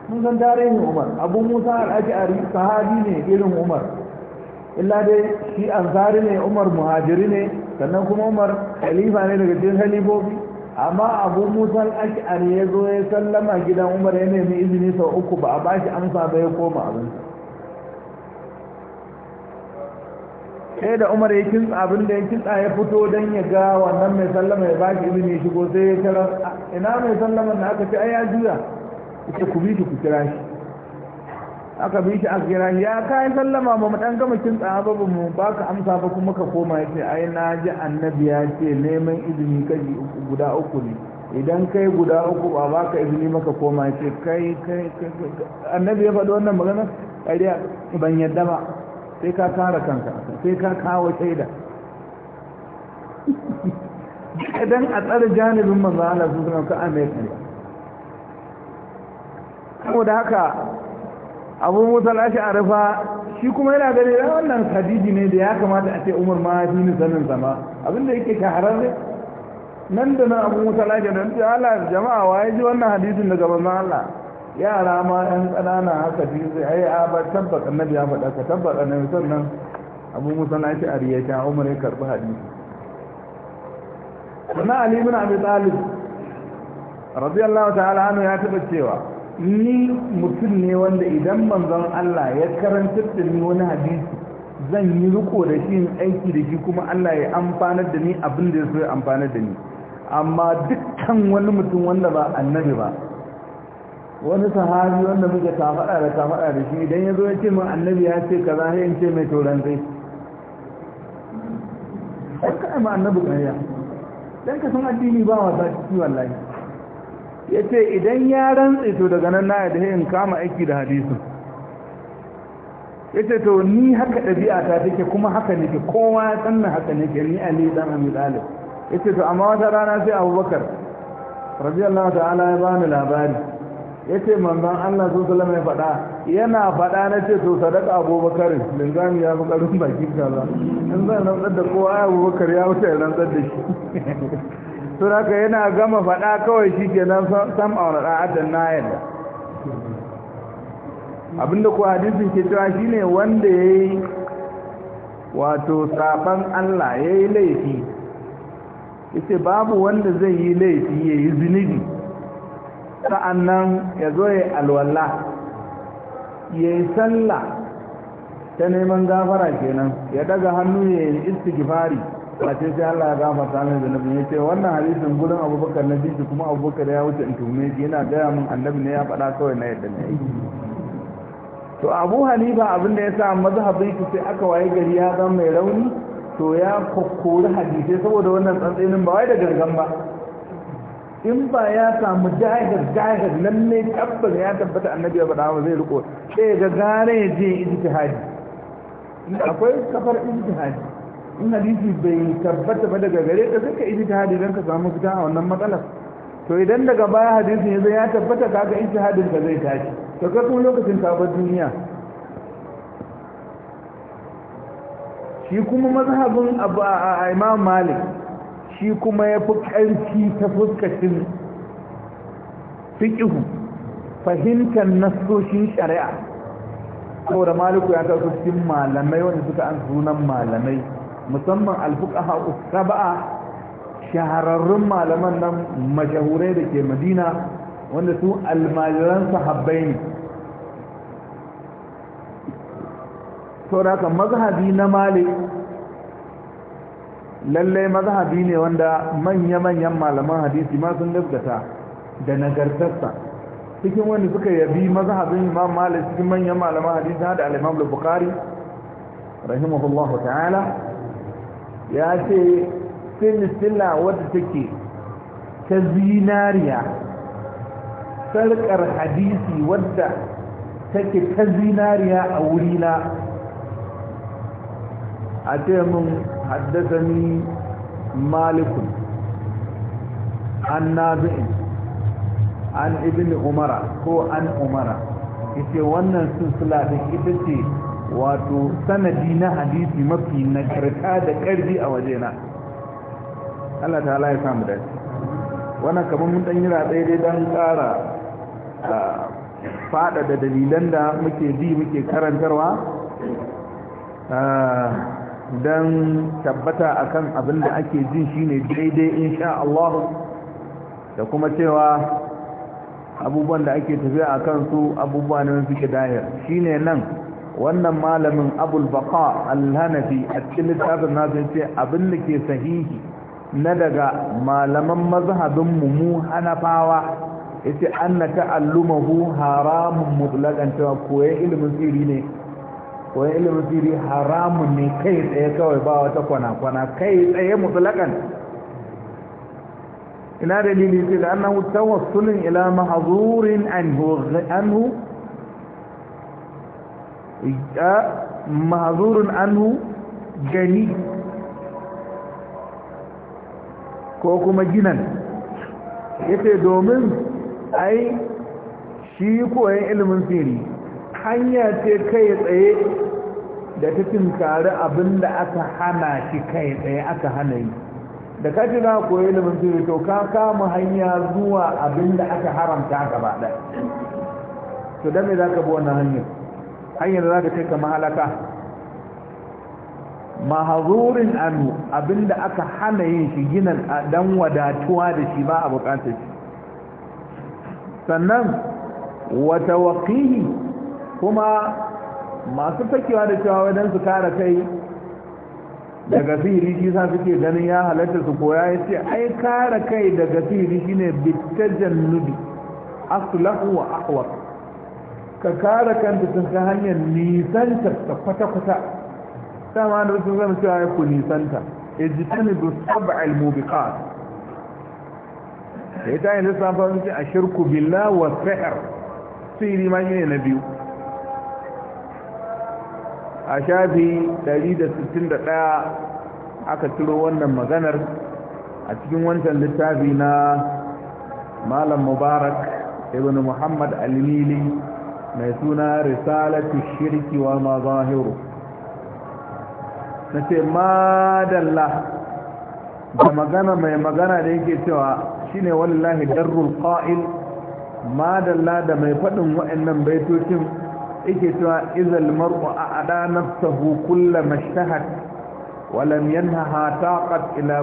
mun san tarihin umar abu musa al'ashari sahabi ne irin umar illa dai shi ansari ne umar muhajiri ne sannan kuma umar khalifa ne daga cikin halifofi amma abu musa al'ashari ya zo ya sallama gidan umar ya nemi izini sau uku ba a bashi amsa ba ya koma abinsa sai da umar ya kintsa abin da ya kintsa ya fito don ya ga wannan mai sallama ya ba shi izini ya shigo sai ya kira ina mai sallama na aka ce ai ya juya ita ku bi shi ku kira shi aka bi shi a kira shi ya kayan sallama ba mu dan gama kintsa ba ba mu ka amsa ba kuma ka koma ya ce ai na ji annabi ya ce neman izini kaji guda uku ne idan kai guda uku ba baka izini maka koma ya ce kai kai annabi ya faɗi wannan magana ƙarya ban yadda ba sai ka kare kanka sai ka kawo shaida idan a tsare janibin manzo Allah su suna ka'a mai ne saboda haka abu musa lashi a rufa shi kuma yana gani da wannan khadiji ne da ya kamata a ce umar ma shi ne sanin sama abinda yake shahararre nan da nan abu musa lashi da Allah jama'a wa ya ji wannan hadisin daga manzo Allah yara ma yan ƙanana haka biyu sai ai a ba tabbas annabi ya faɗa ka tabbas annabi sannan abu musa na shi ariya ta umar ya karɓi hadisi sana ali bin abi talib radiyallahu ta'ala anhu ya taɓa cewa ni mutum ne wanda idan manzon Allah ya karantar da ni wani hadisi zan yi riko da shi aiki da shi kuma Allah ya amfanar da ni abin da ya so ya amfanar da ni amma dukkan wani mutum wanda ba annabi ba wani sahabi wanda muke kafaɗa da kafaɗa da shi idan ya zo ya ce min annabi ya ce kaza sai in ce mai tauran zai an kaɗa ma annabi ƙarya don ka san addini ba wa ciki wallahi ya ce idan ya rantsi to daga nan na yadda in kama aiki da hadisin ya ce to ni haka ɗabi'a ta take kuma haka nake kowa ya san na haka nake ni ali dan amir alif ya ce to amma wata rana sai abubakar radiyallahu ta'ala ya bani labari ya ce manzan Allah sun salama ya faɗa yana faɗa na ce to sadaka abubakar linzami ya fi ƙarfin bakin kaza in zan rantsar da kowa ya abubakar ya wuce rantsar da shi to haka yana gama faɗa kawai shi ke nan sam a wani ɗa'adar na yadda abinda ko hadisin ke cewa shi ne wanda ya yi wato saɓan Allah ya yi laifi ya ce babu wanda zai yi laifi ya yi zunubi sa'annan ya zo ya alwala ya yi sallah ta neman gafara kenan ya daga hannu ya yi istighfari ba ce sai Allah ya gafarta mai zanubin ya ce wannan hadisin gudun abubakar na jiki kuma abubakar ya wuce intume shi yana gaya min annabi ne ya faɗa kawai na yadda na yi to abu halifa abin da ya sa mazhabin shi sai aka waye gari ya zama mai rauni to ya kokkori hadisai saboda wannan tsantsinin ba wai da gargan ba in ba ya samu jahir jahir lalle tabbas ya tabbata annabi ya faɗa zai riko sai ga gare ya je ijtihadi akwai kafar ijtihadi in hadisi bai tabbata ba daga gare ka zaka ijtihadi dan ka samu fita a wannan matsalar to idan daga baya hadisin yazo ya tabbata kaga ijtihadin ka zai tashi to ka kuma lokacin ka bar duniya shi kuma mazhabin abu a imam malik shi kuma ya fi ƙarfi ta fuskacin fiƙihu fahimtar nasoshin shari'a saboda maliku ya taso cikin malamai wanda suka an sunan malamai musamman alfuqaha usaba'a shahararrun malaman nan mashahurai da ke madina wanda su almajiran sahabbai ne saboda haka mazhabi na malik lallai mazhabi ne wanda manya-manyan malaman hadisi ma sun gaskata da nagartarsa cikin Wani suka yabi mazhabin imam malik cikin manyan malaman hadisi hada al-imam al-bukhari rahimahullah ta'ala ya ce silsila wadda take ta zinariya sarkar hadisi wadda take ta zinariya a wurina a ce mun حدثني مالك عن نافع عن ابن عمر هو عن عمر yace wannan silsila din ita ce wato sanadi na hadisi mafi nagarta da ƙarfi a wajena Allah Taala ya samu dace wannan kamar mun dan yira daidai dan ƙara fada da dalilan da muke ji muke karantarwa don tabbata akan abin da ake jin shine daidai insha Allah da kuma cewa abubuwan da ake tafiya akan su abubuwa ne suke dahir shine nan wannan malamin abul baqa al-hanafi a cikin littafin nasu ce abin da ke sahihi na daga malaman mazhabin mu mu hanafawa yace annaka allumahu haramun mutlaqan cewa koyan ilimin sirri ne koyi ilimin sirri haramun ne kai tsaye kawai ba wata kwana-kwana kai tsaye mutulakan ina dalili sai da annahu tawassulin ila mahzurin anhu mahzurun anhu gani ko kuma ginan yace domin ai shi koyan ilimin sirri hanya ce kai tsaye da ta tinkari abin da aka hana shi kai tsaye aka hana yi da ka tuna koyi da sirri to ka kama hanya zuwa abin da aka haramta gaba ɗaya to dame za ka bi wannan hanyar hanyar za ka kai ka mahalaka mahazurin anu abinda aka hana yin shi gina dan wadatuwa da shi ba a bukatar shi sannan wata waƙihi kuma masu fakewa da cewa wajen su kara kai daga sihiri shi sa suke ganin ya halatta su koya ya ce ai kara kai daga sihiri ne bittajen nubi aslahu wa ahwar ka kara kanta sun ta hanyar nisanta ta kwata-kwata dama da wasu zama cewa ya ku nisanta E, ijitani bi sab'al mubiqat ya ta yi lissafin a shirku billah wa sihir sihiri ma ne na biyu a shafi 161 aka ciro wannan maganar a cikin wancan littafi na malam mubarak ibn muhammad al-nili mai suna risalatu shirki wa na ce madalla da magana mai magana da yake cewa shine wallahi darrul qa'il madalla da mai faɗin wa'annan baitocin yake cewa izal mar'u a'da nafsahu kulla mashtahat wa lam yanhaha taqat ila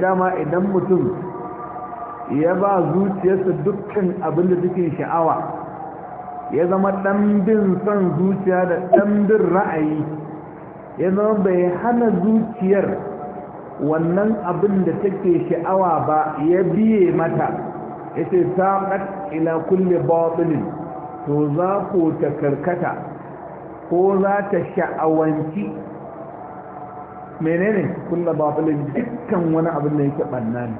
dama idan mutum ya ba zuciyarsa dukkan abin da take sha'awa ya zama ɗan zuciya da ɗan ra'ayi ya zama bai hana zuciyar wannan abin da take sha'awa ba ya biye mata ya ce saƙat ila kulle batilin to za ku ta karkata ko za ta sha'awanci menene kulle batilin dukkan wani abin da yake ɓanna ne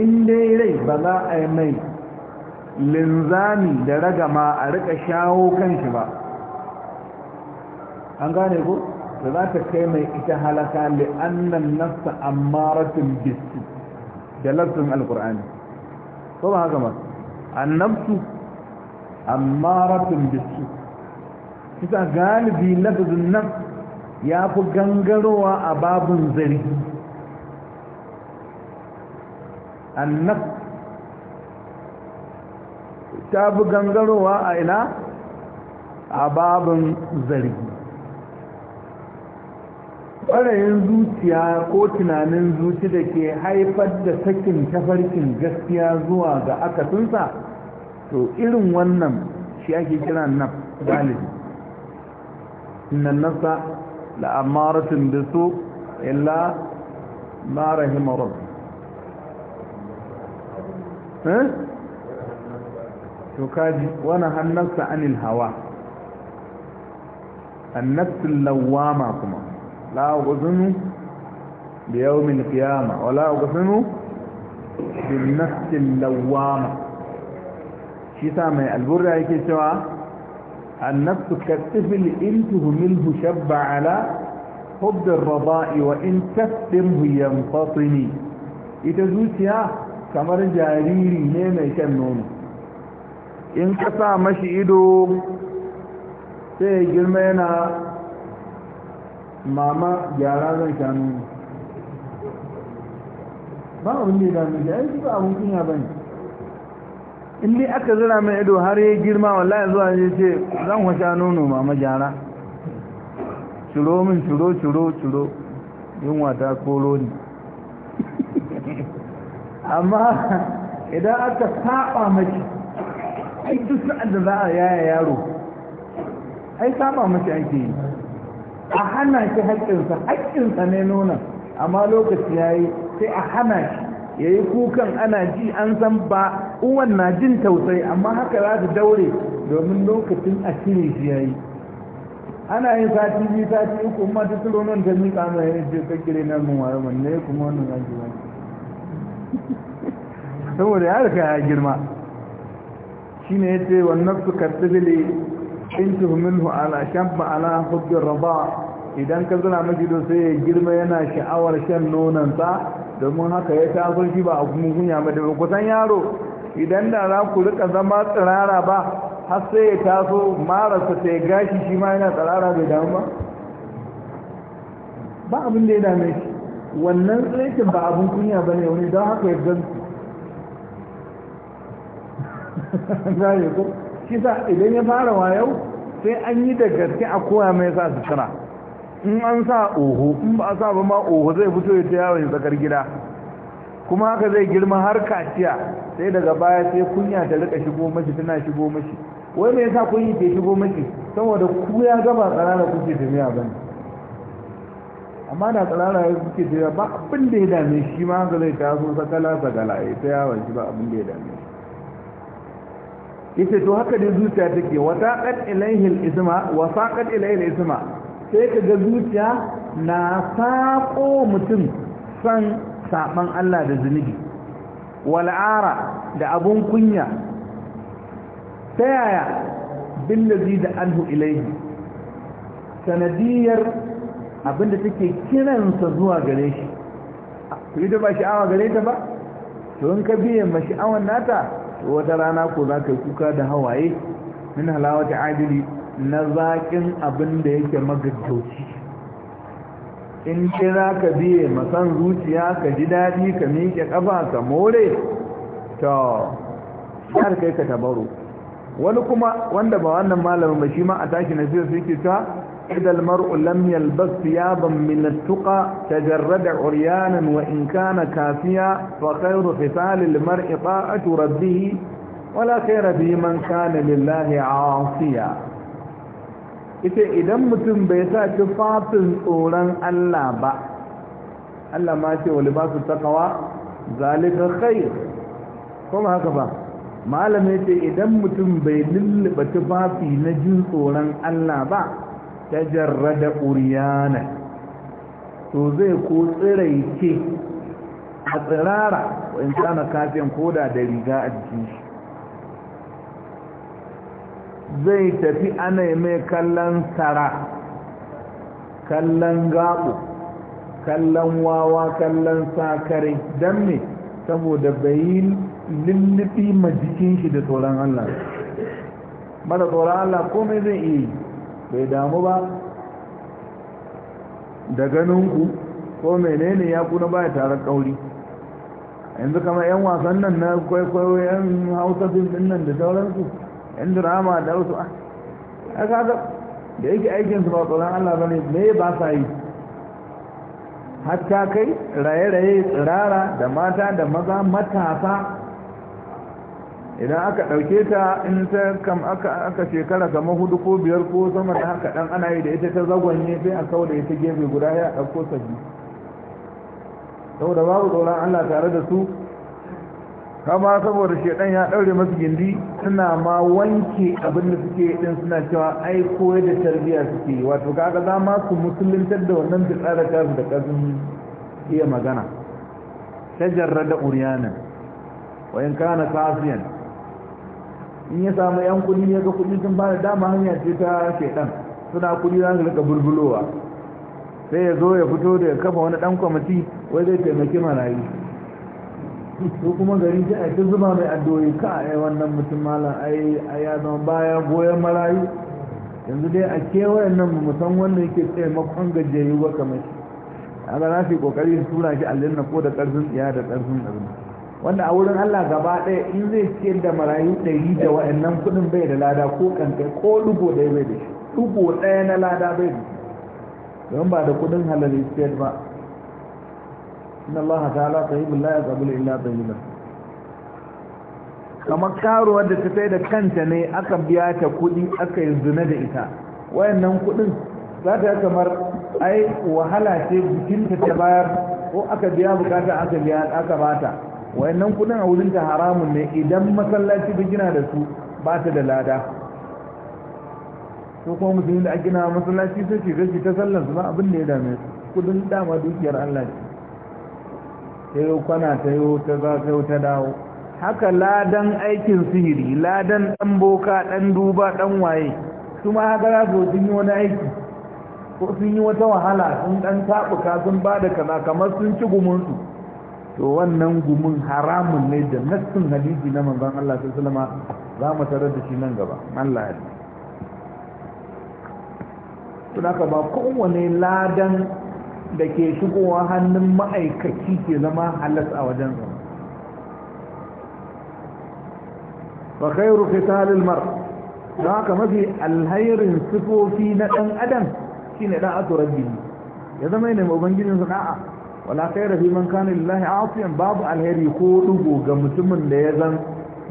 in dai rai ba za a yi mai linzami da ragama a rika shawo kan shi ba an gane ko da za ta kai mai ita halaka li annan nasa ammaratun bisu da lafsin alkur'ani ko ba haka ba annabtu ammaratun bisu kisa galibi lafzin nan ya fi gangarowa a babin zari annab ta fi gangarowa a ina a babin zari. ɓarayin zuciya ko tunanin zuci da ke haifar da sakin tafarkin gaskiya zuwa ga akasinsa to irin wannan shi ake kira na galibi innan nasa la'amaratin da su illa mara himarar eh? to kaji wani hannarsa anil hawa annabtin lawama kuma لا أقسم بيوم القيامة ولا أقسم بالنفس اللوامة شيسا ما البرع كيسوا النفس كالطفل إن تهمله شب على حب الرضاء وإن تفتمه ينفطني إذا kamar jariri ne جاريري shan nono in ka sa mashi ido mama gyara zan sha nono ba abin da ya dame shi ba abin kunya ba ne in dai aka zira mai ido har ya girma wallahi zuwa ya ce zan washa nono mama gyara ciro min ciro ciro ciro yunwa ta koro ni amma idan aka saba mace ai duk sa'ad da za a yaya yaro ai saba mace ake yi a hana shi haƙƙinsa haƙƙinsa ne nuna amma lokaci ya yi sai a hana shi ya yi kukan ana ji an san ba uwan na jin tausayi amma haka za ta daure domin lokacin a cire shi ya yi ana yin sati biyu sati uku kuma ta turo nan ta miƙa zai yin ta kakkire na mun ware mun ne kuma wannan zan ji wani saboda ya rika ya girma shine ce wannan su kartibili in tuhminhu ala shabba ala hubbir rada idan ka zana miki don sai ya girma yana sha'awar shan nonansa domin haka ya taso shi ba a kuma kunya ba da kusan yaro idan da za ku rika zama tsirara ba har sai ya taso marasa sai gashi shi ma yana tsirara bai damu ba ba abin da ya dame shi wannan tsirkin ba abin kunya ba ne wani don haka ya gan su kisa idan ya fara wayau sai an yi da gaske a koya mai sa sutura in an sa oho in ba a sa ba ma oho zai fito ya ta yawon tsakar gida kuma haka zai girma har kaciya sai daga baya sai kunya ta rika shigo mashi tana shigo mashi wai mai yasa kun yi ke shigo mashi saboda ku ya gaba tsanana kuke a ba amma da tsanana ya kuke tafi ba abin da ya dame shi ma haka zai taso sakala sakala ya ta yawon shi ba abin da ya dame shi yace to haka dai zuciya take kad ilaihi al-isma saqat ilaihi al-isma sai ka ga zuciya na sako mutum san saban Allah da zunubi wal'ara da abun kunya ta yaya ladhi da anhu ilaihi. sanadiyar abinda take kiransa zuwa gare shi to idan ba sha'awa gare ta ba to in ka biye ma awan nata wata rana ko za ka yi kuka da hawaye min halawata adili na zaƙin abin da yake magaggauci in ce za ka biye masan zuciya ka ji daɗi ka miƙe ƙafa ka more ta har kai ka tabaro wani kuma wanda ba wannan malamin ba shi ma a tashi na sai suke ta إذا المرء لم يلبس ثيابا من التقى تجرد عريانا وإن كان كافيا فخير قتال المرء طاعة ربه ولا خير في من كان لله عاصيا ita idan mutum bai sa tufafin tsoron Allah ba Allah ma ce wali ba su takawa zalika khair kuma haka ba malamai ce idan mutum bai lulluba tufafi na jin tsoron Allah ba ta jarrada ƙuriyana to zai ko tsiraice a tsirara in kana kafin koda da riga a jikin shi zai tafi ana mai kallon tsara kallon gaɓo kallon wawa kallon sakare don ne saboda bayi lullufi ma jikin shi da tsoron allah mara tsoron allah komai zai iya yi bai damu ba da ganinku ko menene ya kuna baya taron kauri yanzu kama 'yan wasan nan na kwaikwayo 'yan hausa fim din nan da sauransu 'yan drama da wasu a ah, kaga da yake aikinsu ba tsoron allah ba ne me ba sa yi hatta kai raye-raye tsirara da mata da maza matasa idan aka ɗauke ta in ta kam aka shekara kamar hudu ko biyar ko sama da haka dan ana yi da ita ta zagwanye sai a kawo da ita gefe guda ya ɗauko sabbi saboda babu tsoron allah tare da su kama saboda shedan ya ɗaure masu gindi suna ma wanke abin da suke din suna cewa ai koyar da tarbiyya suke wato kaga za ma su musuluntar da wannan fitsarar tasu da ƙarfin iya magana ta jarrada uriyanan wayan kana kasiyan in ya samu yan kudi ya ga kuɗi sun bada da dama hanya ce ta shaidan suna kudi za su rika bulbulowa sai ya zo ya fito da ya kafa wani dan kwamiti wai zai taimaki marayu su kuma gari ta aiki zuba mai addu'o'i ka a wannan mutum malam ai a ya zama baya goyon marayu yanzu dai a kewayen nan mu san wanda yake taimakon gajiyayyu ba kamar shi a ga za su yi kokari su tura shi na ko da karfin tsiya da karfin abinci. wanda a wurin Allah gaba ɗaya in zai siyar da marayu ɗari da waɗannan kuɗin bai da lada ko kankai ko dubu ɗaya bai da shi ɗugo ɗaya na lada bai da shi don ba da kuɗin halal siyar ba inna Allah ta'ala tayyibul la yaqbalu illa tayyiban kamar karuwa da ta sai da kanta ne aka biya ta kuɗi aka yi zina da ita wayannan kuɗin za ta yi kamar ai wahala ce bikinta ta bayar ko aka biya bukata aka biya aka bata wayannan kudin a wurin ta haramun ne idan masallaci bi gina da su ba ta da lada su kuma musulmi da a gina masallaci sai ce gashi ta sallar su ba abin da ya dame su kudin dama dukiyar allah ce ta yi kwana ta yi ta za ta ta dawo haka ladan aikin sihiri ladan dan boka dan duba dan waye su ma haka za su sun yi wani aiki ko sun yi wata wahala sun dan tabuka sun ba da kaza kamar sun ci gumunsu to wannan gumin haramun ne da nassin hadisi na manzon Allah sallallahu alaihi za mu tarar da shi nan gaba Allah ya tun ka ba kowane ladan da ke shigowa hannun ma'aikaci ke zama halas a wajen sa fa khairu al mar don haka mafi alhairin sifofi na dan adam shine da aturabbi ya zama ne ubangijin a'a. wala khaira fi man kana lillahi asiyan babu alheri ko dugo ga mutumin da ya zan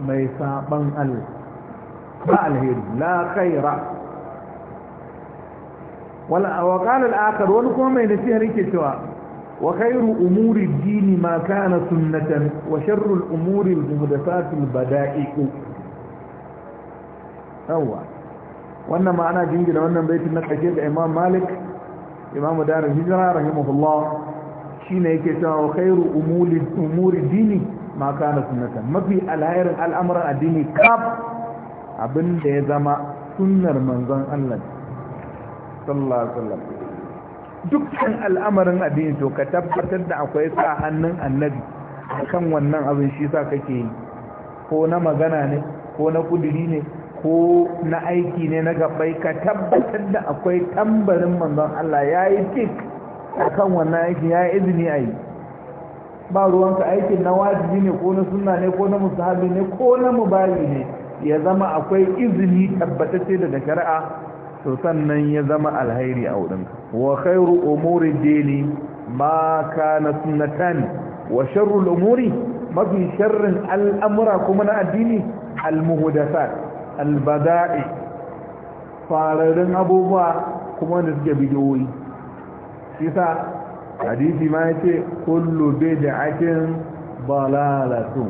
mai saban Allah ba alheri la khaira wala wa qala al-akhar wani kuma mai nasiha yake cewa wa khairu umuri ad-din ma kana sunnatan wa sharru al-umuri al-muhdathat al-bada'i'u yawa wannan ma'ana jingina wannan baitin na kake da Imam Malik Imam Darul Hijra rahimahullah shine yake cewa wa khairu umuri umuri dini ma kana sunnata mafi alhairin al'amuran addini kaf abin da ya zama sunnar manzon Allah sallallahu alaihi wasallam dukkan al'amarin addini to ka tabbatar da akwai sa hannun annabi kan wannan abin shi sa kake yi ko na magana ne ko na kudiri ne ko na aiki ne na gabai ka tabbatar da akwai tambarin manzon Allah yayi tik a kan wannan aikin ya yi izini a yi ba ruwanka aikin na wajibi ne ko na suna ne ko na musahabi ne ko na mubari ne ya zama akwai izini tabbatacce daga shari'a to sannan ya zama alhairi a wurin wa khairu umuri dini ma kana sunnatan wa sharru al-umuri mafi sharrin al'amura kuma na addini al-muhdathat al-bada'i fararin abubuwa kuma da suke bidiyoyi kisa hadisi ma yace kullu bid'atin balalatun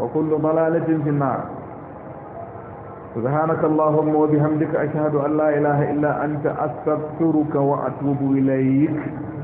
wa kullu balalatin fi nar subhanaka allahumma wa bihamdika ashhadu an la ilaha illa anta astaghfiruka wa atubu ilayk